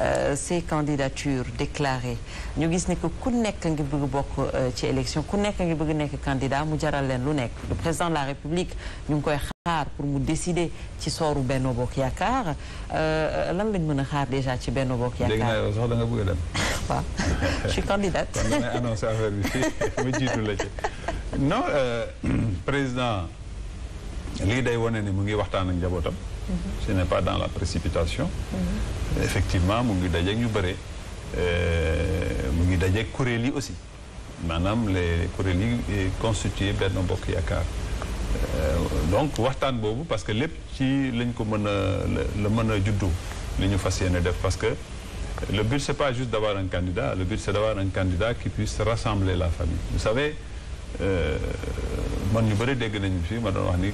Euh, ces candidatures déclarées ñu gis ni que ku nekk ngi bëgg bokk euh, ci élection ku nekk ngi bëgg nekk candidat mu jaral leen lu nekk le président de la république ñu ngi koy xaar pour mu décider ci sooru Benno Bokk Yaakaar euh, lan lañ mën a xaar déjà ci benn Bokk Yaakaar. dégg naa yow sax da nga bëgg a dem. waaw je suis candidate. kon président lii day wane ni mu ngi waxtaan ak njabootam. Mhm. ce n'est pas dans la précipitation mhm. effectivement mu ngi dajeeg ñu bëre euh, mu ngi dajeeg kuréel yi aussi maanaam les kuréel yi eh, constitué Benno Bokk Yaakaar euh, donc waxtaan boobu parce que lép ci lañ ko mën a la mën a juddu li ñu fas yéene def parce que le but c'est pas juste d'avoir un candidat le but c'est d'avoir un candidat qui puisse rassembler la famille vous savez euh, man ñu bëri dégg nañu fi ma doon wax ni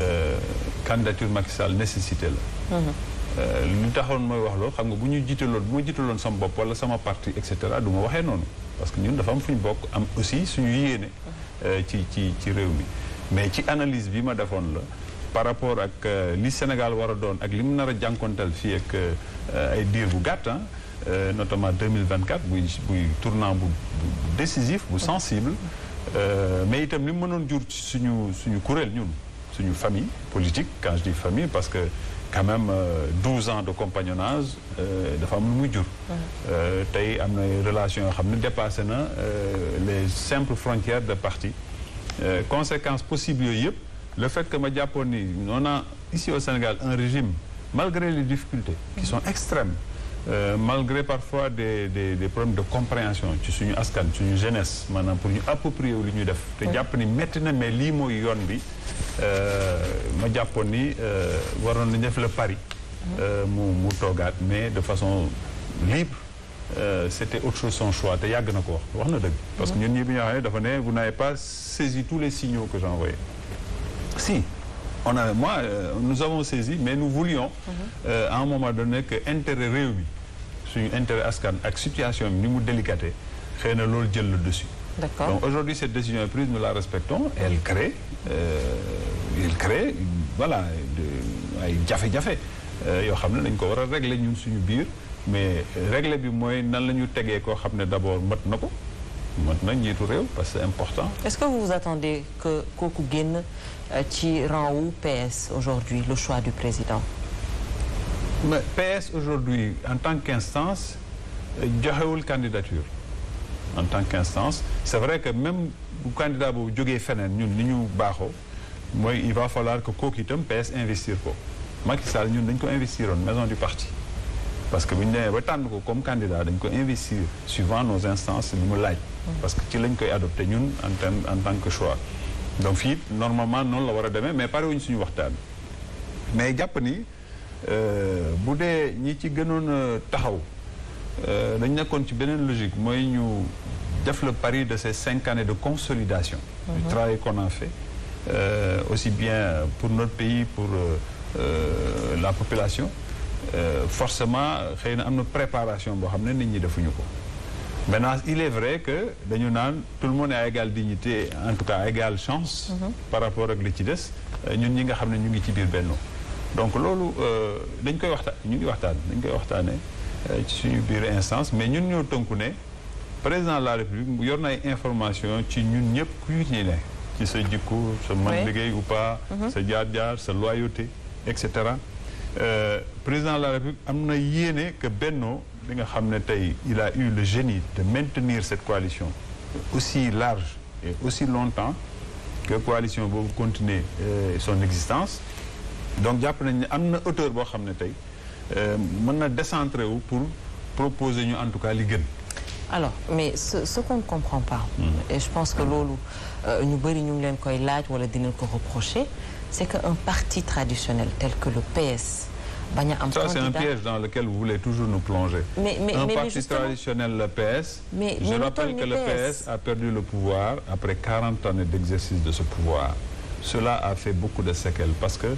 Euh, candidature Macky Sall nécessité la. Euh, lu taxoon mooy wax loolu xam nga bu ñu jiitaloon bu ma jiitaloon sama bopp wala sama parti et cetera du waxee noonu parce que ñun dafa am fu ñu bokk am aussi suñu yéene. Euh, ci ci ci réew mi mais ci analyse bi ma defoon la par rapport ak li Sénégal war a doon ak li mu nar a jànkonteel fii ak ay diir bu gàtt notamment 2024 buy buy tournant bu décisif bu sensible mais itam li mu mënoon jur ci suñu suñu kuréel ñun. suñu famille politique quand je dis famille parce que quand même 12 euh, ans de compagnonnage euh, dafa am lu muy jur euh, tey am na relation yoo xam ne dépassé na les simples frontières de parti conséquence possible yooyu yëpp le fait que ma jàppoon ni on a ici au Sénégal un régime malgré les difficultés qui mm-hmm. sont extrêmes Euh, malgré parfois des des des problèmes de compréhension ci suñu askan suñu jeunesse maanaam pour ñu approprier wu li ñuy def. te jàpp ni métti na mais lii mooy yoon bi euh, ma jàppoon ni euh, waroon nañu def le pari. mu mu toogaat mais de façon libre. Euh, c'était autre chose son choix te yàgg na ko wax wax na dëgg. parce que ñun ñii bi ñu waxee dafa ne na n'avez pas saisi tous les signaux que j'ai envoyés. si on a moi euh, nous saisi mais nous voulions. Mhm. Euh, à un moment donné que intérêt réew mi. suñu intérêt askan ak situation bi ni mu délicaté xëy na loolu jël le dessus D'accord. donc aujourd'hui cette décision est prise nous la respectons elle crée euh, elle crée ay jafe-jafe euh, yoo xam ne dañ ko war a régler ñun suñu biir mais régler bi mooy nan la ñu tegee koo xam ne d'abord mat na ko mat na njiitu réew parce que c'est important est-ce que vous vous attendez que kooku génn euh, ci rang wu PS aujourd'hui le choix du président mais PS aujourd'hui en tant qu'instance joxewul candidature en tant qu'instance c'est vrai que même bu candidat boobu jógee feneen ñun ni ñu baaxoo mooy il va falloir que kooku itam PS investir ko Macky Sall ñun dañ ko investiroon maison du parti parce que bu ñu demee ba tànn ko comme candidat dañ ko investir suivant nos instances li mu laaj parce que ci lañ koy adopté ñun en terme tant que choix donc fii normalement noonu la war a demee mais pare wuñ suñu waxtaan mais jàpp Euh, bu dee ñi ci gënoon a taxaw euh, dañ nekkoon ci beneen logique mooy ñu def le pari de ces cinq années de consolidation du mhm. travail qu'on euh, aussi bien pour notre pays pour euh, euh, la population forcément xëy na am na préparation boo xam ne nit ñi defuñu ko maintenant il est vrai que dañu naan tout le monde est à égale dignité en tout cas à égale chance mhm. par rapport ak li ci des ñun ñi nga xam ne ñu ngi ci biir Benno donc loolu euh, dañ koy waxtaan ñu ngi waxtaan dañ koy waxtaanee euh, ci suñu biir instance mais ñun ñoo tënku ne président de la république yor na ay information ci ñun ñëpp kuy ñi ne ci sa jikko sa man liggéey ou pas mhm. sa jaar-jaar sa loyauté et cetera euh, président la république am na yéene que Benno bi nga xam ne tey il a eu le génie de maintenir cette coalition aussi large et aussi longtemps que coalition boobu continuer son existence donc jàpp nañ ne am na auteur boo xam ne tey euh, mën na décentré wu pour proposer ñu en tout cas li alors mais ce ce qu'on ne comprend pas. Hmm. et je pense que loolu euh, ñu bëri ñu ngi leen koy laaj wala dinañ ko reprocher c'est que un parti traditionnel tel que le PS. bañ a am candidat ça c'est un piège dans lequel vous voulez toujours nous plonger. mais mais un mais parti justement... traditionnel le PS. mais je rappelle que le PS a perdu le pouvoir après 40 années d'exercice de ce pouvoir. cela a fait beaucoup de séquelles parce que.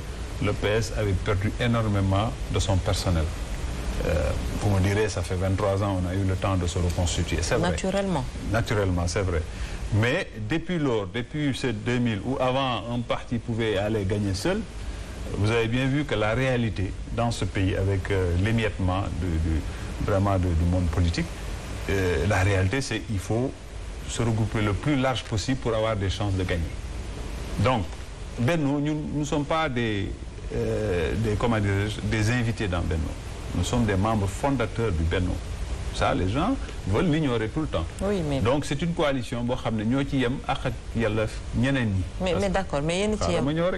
le PS avait perdu énormément de son personnel. Euh, vous me fait ans, on a eu le temps de se reconstituer. C'est vrai. Naturellement. Naturellement, Mais depuis lors, depuis ces 2000, où avant un parti pouvait aller gagner seul, vous avez bien vu que la réalité dans ce pays, avec euh, l'émiettement du, vraiment du, monde politique, euh, la réalité c'est qu'il faut se regrouper le plus large possible pour avoir des chances de gagner. Donc, nous, nous sommes pas des euh, des, comment des invités dans Benno. Nous sommes des membres fondateurs bi Benno. Ça, les gens veulent l'ignorer tout le temps. Oui, mais... Donc, c'est une coalition. Bon, nous mais mais d'accord, mais il y a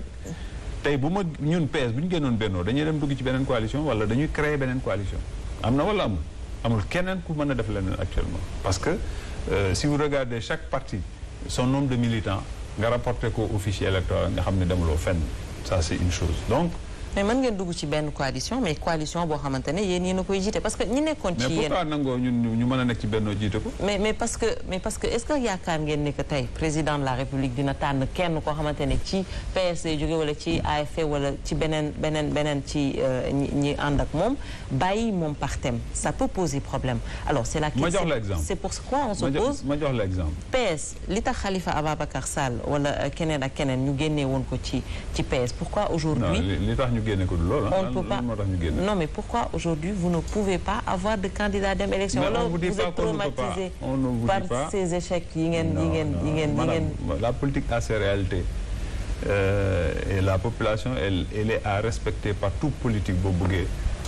tey bu ma ñun PS bu ñu génnoon bennoo dañuy dem dugg ci beneen coalition wala dañuy créer beneen coalition am na wala amul amul keneen ku mën a def leneen actuellement parce que euh, si vous regardez chaque parti son nom de militants nga rapporté ko au fichier nga xam ne demuloo fenn Ça, c'est une chose. Donc, mais mën ngeen dugg ci benn coalition mais coalition boo xamante ne yéen yéen koy jiite parce que ñi nekkoon ci yéen mais pourquoi nangoo ñu mën a nekk ci bennoo jiite ko mais mais que mais parce que est jóge wala ci AFP wala ci beneen ci euh, ñi ànd ak moom bàyyi moom par thème ça peut poser problème alors c'est la question c'est pourquoi on se pose ma jox l'exemple PS li tax Khalifa Ababacar Sall wala euh, keneen ak keneen ñu génnee woon ko ci PS pourquoi aujourd'hui génne ko du loolu. on ne peut pas moo tax mais pourquoi aujourd'hui vous ne pouvez pas avoir de candidat dem élection. vous dit pas par ces échecs yi ngeen yi ngeen yi ngeen yi ngeen. la politique a ses réalités. Euh, et la population elle est à respecter par tout politique boo bëggee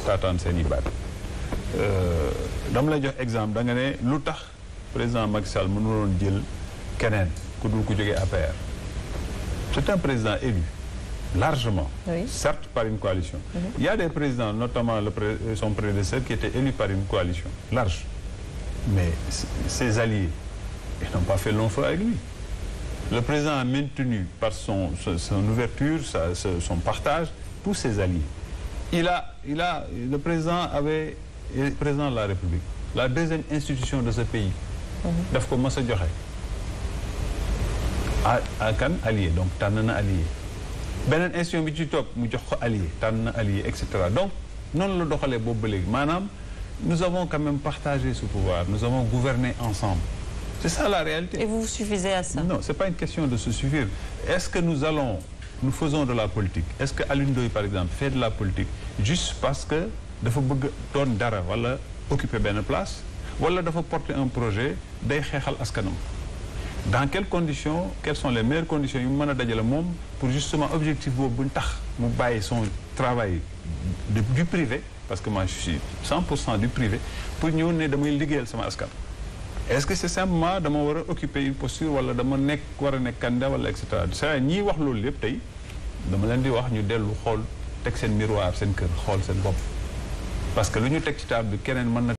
taataan seen i baat euh, dama jox exemple da nga lu tax président Macky Sall mënuloon jël keneen ku dul ku jógee APR c'est président élu. largement, oui. certes par une coalition. Mm -hmm. Il y a des présidents, notamment le pré son prédécesseur, qui était élu par une coalition large. Mais ses alliés, ils n'ont pas fait long feu avec lui. Le président a maintenu par son, son, son ouverture, sa, son partage, tous ses alliés. Il a, il a, le président avait, le président de la République, la deuxième institution de ce pays, mhm. daf ko mës a joxe. à à kan allié donc tànn na allié. beneen institution bi ci topp mu jox ko allié tànn allié et cetera donc noonu la doxalee boobu ba léegi maanaam nous avons quand même partagé ce pouvoir nous avons gouverné ensemble c'est ça la réalité. et vous vous suffisez à ça. non c'est pas une question de se suffire est-ce que nous allons nous faisons de la politique est-ce que Alioune Ndoye par exemple fait la politique juste parce que dafa bëgg doon dara wala occuper benn place wala dafa porter un projet day xeexal askanam. dans quelles conditions quelles sont les meilleures conditions yu mu mën a dajale moom pour justement objectif boobu buñ tax mu bàyyi son travail de, du privé parce que moi je suis 100 cent du privé pour ñëw ne damay liggéeyal sama askan. est-ce que c'est simplement dama war a occuper une posture wala dama nekk war a nekk candidat wala et cetera c'est ñiy wax loolu lépp tey dama leen di wax ñu dellu xool teg seen miroir seen kër xool seen bopp parce que lu ñu teg ci table bi keneen